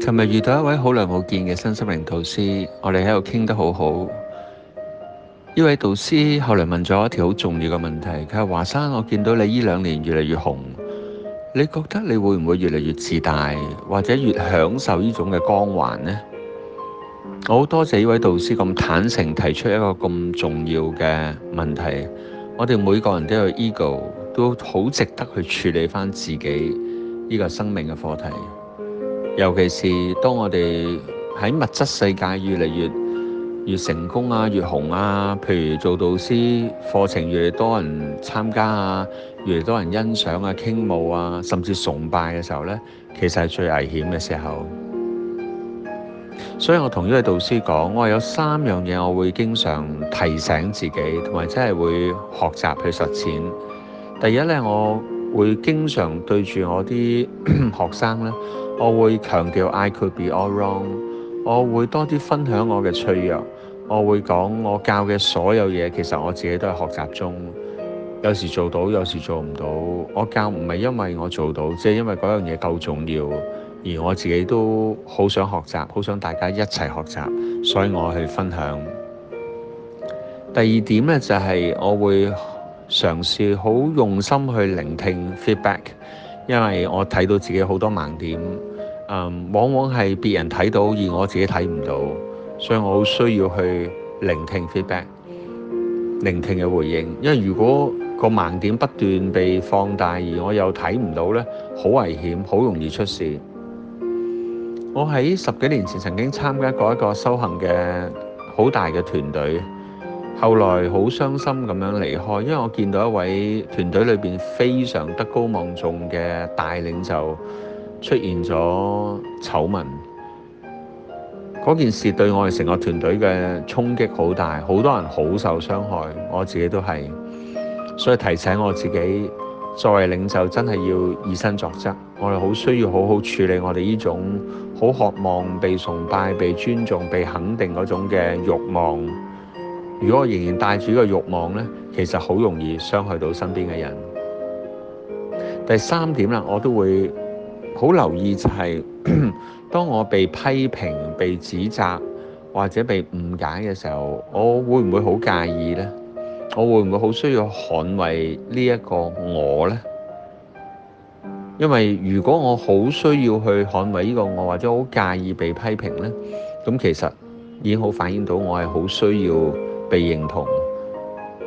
尋日遇到一位好耐冇見嘅新心靈導師，我哋喺度傾得好好。呢位導師後嚟問咗一條好重要嘅問題，佢話：華山，我見到你呢兩年越嚟越紅，你覺得你會唔會越嚟越自大，或者越享受呢種嘅光環呢？我好多謝呢位導師咁坦誠提出一個咁重要嘅問題。我哋每個人都有 ego，都好值得去處理翻自己呢個生命嘅課題。尤其是當我哋喺物質世界越嚟越越成功啊、越紅啊，譬如做導師課程越嚟多人參加啊、越嚟多人欣賞啊、傾慕啊，甚至崇拜嘅時候呢，其實係最危險嘅時候。所以我同呢位導師講，我有三樣嘢，我會經常提醒自己，同埋真係會學習去實踐。第一呢，我會經常對住我啲 學生呢。我會強調 I could be all wrong。我會多啲分享我嘅脆弱。我會講我教嘅所有嘢，其實我自己都係學習中。有時做到，有時做唔到。我教唔係因為我做到，即係因為嗰樣嘢夠重要，而我自己都好想學習，好想大家一齊學習，所以我去分享。第二點呢，就係我會嘗試好用心去聆聽 feedback，因為我睇到自己好多盲點。嗯，往往係別人睇到，而我自己睇唔到，所以我好需要去聆聽 feedback，聆聽嘅回應。因為如果個盲點不斷被放大，而我又睇唔到呢，好危險，好容易出事。我喺十幾年前曾經參加過一個，一個修行嘅好大嘅團隊，後來好傷心咁樣離開，因為我見到一位團隊裏邊非常德高望重嘅大領袖。出現咗醜聞，嗰件事對我哋成個團隊嘅衝擊好大，好多人好受傷害，我自己都係，所以提醒我自己，作為領袖真係要以身作則。我哋好需要好好處理我哋呢種好渴望被崇拜、被尊重、被肯定嗰種嘅慾望。如果我仍然帶住呢個慾望呢，其實好容易傷害到身邊嘅人。第三點啦，我都會好留意就係、是， 當我被批評、被指責或者被誤解嘅時候，我會唔會好介意呢？我會唔會好需要捍衛呢一個我呢？因為如果我好需要去捍衛呢個我，或者好介意被批評呢，咁其實已經好反映到我係好需要被認同。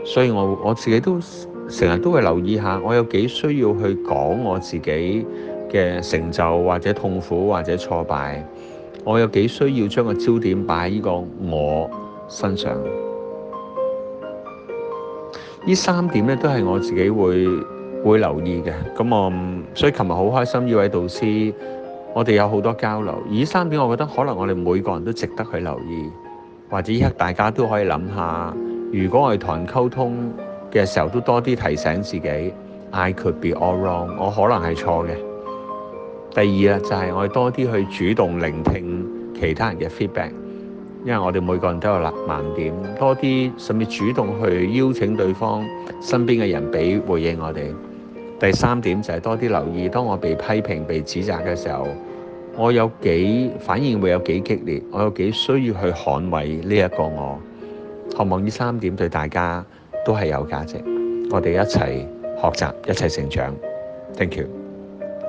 所以我我自己都成日都會留意下，我有幾需要去講我自己嘅成就或者痛苦或者挫敗，我有幾需要將個焦點擺喺呢個我身上？呢三點咧都係我自己會會留意嘅。咁、嗯、我所以琴日好開心，呢位導師，我哋有好多交流。而三點我覺得可能我哋每個人都值得去留意，或者依刻大家都可以諗下，如果我哋同人溝通嘅時候都多啲提醒自己，I could be all wrong，我可能係錯嘅。第二啊，就係、是、我哋多啲去主動聆聽其他人嘅 feedback，因為我哋每個人都有啲盲點，多啲甚至主動去邀請對方身邊嘅人俾回應我哋。第三點就係多啲留意，當我被批評、被指責嘅時候，我有幾反應會有幾激烈，我有幾需要去捍衞呢一個我。渴望呢三點對大家都係有價值，我哋一齊學習，一齊成長。Thank you。